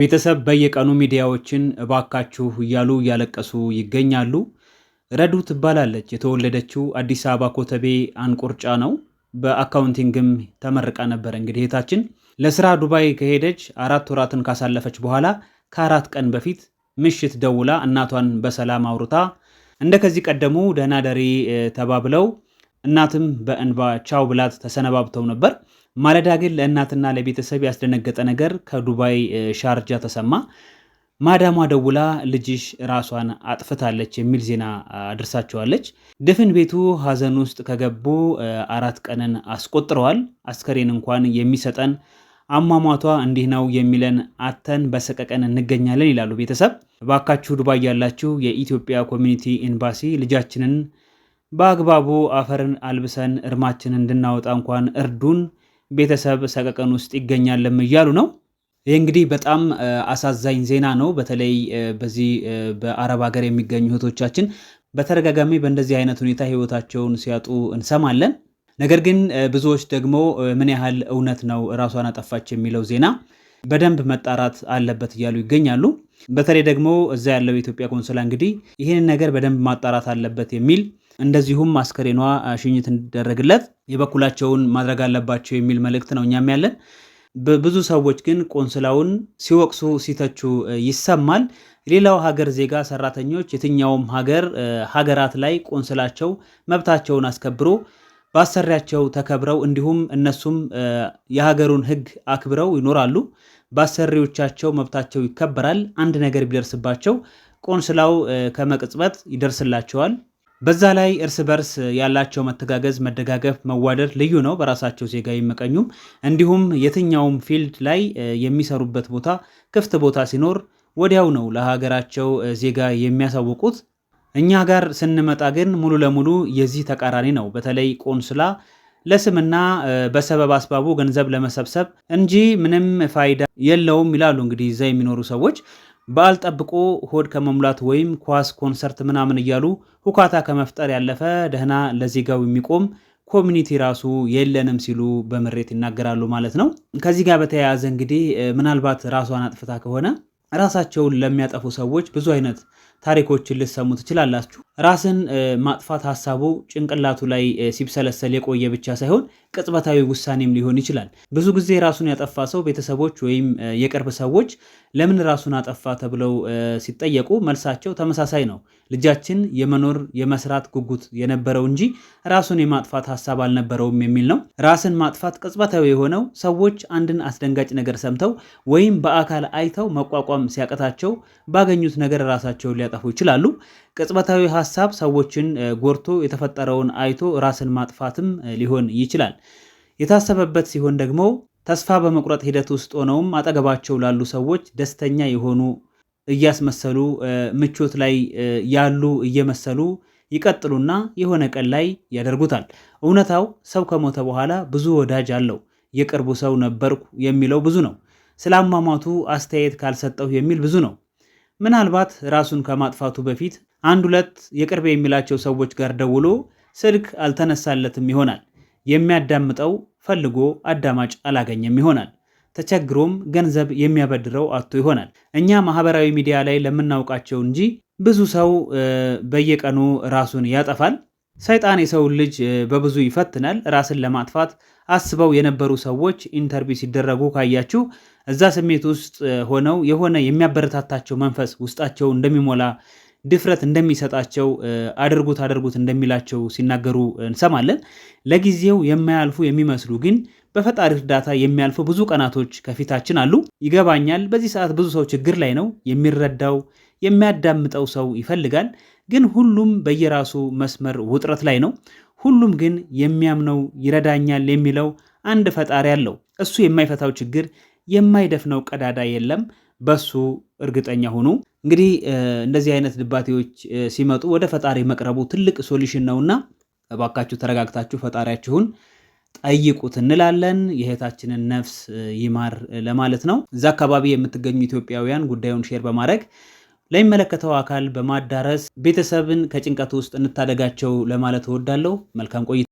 ቤተሰብ በየቀኑ ሚዲያዎችን እባካችሁ እያሉ እያለቀሱ ይገኛሉ። ረዱ ትባላለች። የተወለደችው አዲስ አበባ ኮተቤ አንቁርጫ ነው። በአካውንቲንግም ተመርቃ ነበር። እንግዲህ እህታችን ለስራ ዱባይ ከሄደች አራት ወራትን ካሳለፈች በኋላ ከአራት ቀን በፊት ምሽት ደውላ እናቷን በሰላም አውርታ እንደ ከዚህ ቀደሙ ደህና ደሪ ተባብለው እናትም በእንባ ቻው ብላት ተሰነባብተው ነበር። ማለዳ ግን ለእናትና ለቤተሰብ ያስደነገጠ ነገር ከዱባይ ሻርጃ ተሰማ። ማዳሟ ደውላ ልጅሽ ራሷን አጥፍታለች የሚል ዜና አድርሳቸዋለች። ድፍን ቤቱ ሀዘን ውስጥ ከገቡ አራት ቀንን አስቆጥረዋል። አስከሬን እንኳን የሚሰጠን አሟሟቷ እንዲህ ነው የሚለን አተን በሰቀቀን እንገኛለን ይላሉ ቤተሰብ። ባካችሁ ዱባይ ያላችሁ የኢትዮጵያ ኮሚኒቲ ኤምባሲ ልጃችንን በአግባቡ አፈርን አልብሰን እርማችንን እንድናወጣ እንኳን እርዱን ቤተሰብ ሰቀቀን ውስጥ ይገኛልም እያሉ ነው። ይህ እንግዲህ በጣም አሳዛኝ ዜና ነው። በተለይ በዚህ በአረብ ሀገር የሚገኙ እህቶቻችን በተደጋጋሚ በእንደዚህ አይነት ሁኔታ ህይወታቸውን ሲያጡ እንሰማለን። ነገር ግን ብዙዎች ደግሞ ምን ያህል እውነት ነው ራሷን አጠፋች የሚለው ዜና በደንብ መጣራት አለበት እያሉ ይገኛሉ። በተለይ ደግሞ እዛ ያለው የኢትዮጵያ ቆንስላ እንግዲህ ይህንን ነገር በደንብ ማጣራት አለበት የሚል እንደዚሁም አስከሬኗ ሽኝት እንዲደረግለት የበኩላቸውን ማድረግ አለባቸው የሚል መልእክት ነው እኛም ያለን። ብዙ ሰዎች ግን ቆንስላውን ሲወቅሱ ሲተቹ ይሰማል። ሌላው ሀገር ዜጋ ሰራተኞች የትኛውም ሀገር ሀገራት ላይ ቆንስላቸው መብታቸውን አስከብሮ ባሰሪያቸው ተከብረው እንዲሁም እነሱም የሀገሩን ሕግ አክብረው ይኖራሉ። ባሰሪዎቻቸው መብታቸው ይከበራል። አንድ ነገር ቢደርስባቸው ቆንስላው ከመቅጽበት ይደርስላቸዋል። በዛ ላይ እርስ በርስ ያላቸው መተጋገዝ፣ መደጋገፍ፣ መዋደድ ልዩ ነው። በራሳቸው ዜጋ ይመቀኙም። እንዲሁም የትኛውም ፊልድ ላይ የሚሰሩበት ቦታ ክፍት ቦታ ሲኖር ወዲያው ነው ለሀገራቸው ዜጋ የሚያሳውቁት። እኛ ጋር ስንመጣ ግን ሙሉ ለሙሉ የዚህ ተቃራኒ ነው። በተለይ ቆንስላ ለስምና በሰበብ አስባቡ ገንዘብ ለመሰብሰብ እንጂ ምንም ፋይዳ የለውም ይላሉ። እንግዲህ እዛ የሚኖሩ ሰዎች በዓል ጠብቆ ሆድ ከመሙላት ወይም ኳስ፣ ኮንሰርት ምናምን እያሉ ሁካታ ከመፍጠር ያለፈ ደህና ለዜጋው የሚቆም ኮሚኒቲ ራሱ የለንም ሲሉ በምሬት ይናገራሉ ማለት ነው። ከዚህ ጋር በተያያዘ እንግዲህ ምናልባት ራሷን አጥፍታ ከሆነ ራሳቸውን ለሚያጠፉ ሰዎች ብዙ አይነት ታሪኮችን ልሰሙ ትችላላችሁ። ራስን ማጥፋት ሀሳቡ ጭንቅላቱ ላይ ሲብሰለሰል የቆየ ብቻ ሳይሆን ቅጽበታዊ ውሳኔም ሊሆን ይችላል። ብዙ ጊዜ ራሱን ያጠፋ ሰው ቤተሰቦች ወይም የቅርብ ሰዎች ለምን ራሱን አጠፋ ተብለው ሲጠየቁ መልሳቸው ተመሳሳይ ነው። ልጃችን የመኖር የመስራት ጉጉት የነበረው እንጂ ራሱን የማጥፋት ሀሳብ አልነበረውም የሚል ነው። ራስን ማጥፋት ቅጽበታዊ የሆነው ሰዎች አንድን አስደንጋጭ ነገር ሰምተው ወይም በአካል አይተው መቋቋም ሲያቅታቸው ባገኙት ነገር ራሳቸውን ሊያጠፉ ይችላሉ። ቅጽበታዊ ሀሳብ ሰዎችን ጎርቶ የተፈጠረውን አይቶ ራስን ማጥፋትም ሊሆን ይችላል። የታሰበበት ሲሆን ደግሞ ተስፋ በመቁረጥ ሂደት ውስጥ ሆነውም አጠገባቸው ላሉ ሰዎች ደስተኛ የሆኑ እያስመሰሉ ምቾት ላይ ያሉ እየመሰሉ ይቀጥሉና የሆነ ቀን ላይ ያደርጉታል። እውነታው ሰው ከሞተ በኋላ ብዙ ወዳጅ አለው። የቅርቡ ሰው ነበርኩ የሚለው ብዙ ነው። ስለ አሟሟቱ አስተያየት ካልሰጠሁ የሚል ብዙ ነው። ምናልባት ራሱን ከማጥፋቱ በፊት አንድ ሁለት የቅርብ የሚላቸው ሰዎች ጋር ደውሎ ስልክ አልተነሳለትም ይሆናል። የሚያዳምጠው ፈልጎ አዳማጭ አላገኘም ይሆናል። ተቸግሮም ገንዘብ የሚያበድረው አቶ ይሆናል። እኛ ማህበራዊ ሚዲያ ላይ ለምናውቃቸው እንጂ ብዙ ሰው በየቀኑ ራሱን ያጠፋል። ሰይጣን የሰውን ልጅ በብዙ ይፈትናል። ራስን ለማጥፋት አስበው የነበሩ ሰዎች ኢንተርቪው ሲደረጉ ካያችሁ እዛ ስሜት ውስጥ ሆነው የሆነ የሚያበረታታቸው መንፈስ ውስጣቸው እንደሚሞላ ድፍረት እንደሚሰጣቸው አድርጉት አድርጉት እንደሚላቸው ሲናገሩ እንሰማለን። ለጊዜው የማያልፉ የሚመስሉ ግን በፈጣሪ እርዳታ የሚያልፉ ብዙ ቀናቶች ከፊታችን አሉ። ይገባኛል። በዚህ ሰዓት ብዙ ሰው ችግር ላይ ነው። የሚረዳው የሚያዳምጠው ሰው ይፈልጋል። ግን ሁሉም በየራሱ መስመር ውጥረት ላይ ነው። ሁሉም ግን የሚያምነው ይረዳኛል የሚለው አንድ ፈጣሪ አለው። እሱ የማይፈታው ችግር የማይደፍነው ቀዳዳ የለም። በሱ እርግጠኛ ሁኑ። እንግዲህ እንደዚህ አይነት ድባቴዎች ሲመጡ ወደ ፈጣሪ መቅረቡ ትልቅ ሶሉሽን ነውና እባካችሁ ተረጋግታችሁ ፈጣሪያችሁን ጠይቁት እንላለን። የእህታችንን ነፍስ ይማር ለማለት ነው። እዛ አካባቢ የምትገኙ ኢትዮጵያውያን ጉዳዩን ሼር በማድረግ ለሚመለከተው አካል በማዳረስ ቤተሰብን ከጭንቀት ውስጥ እንታደጋቸው ለማለት እወዳለሁ። መልካም ቆይታ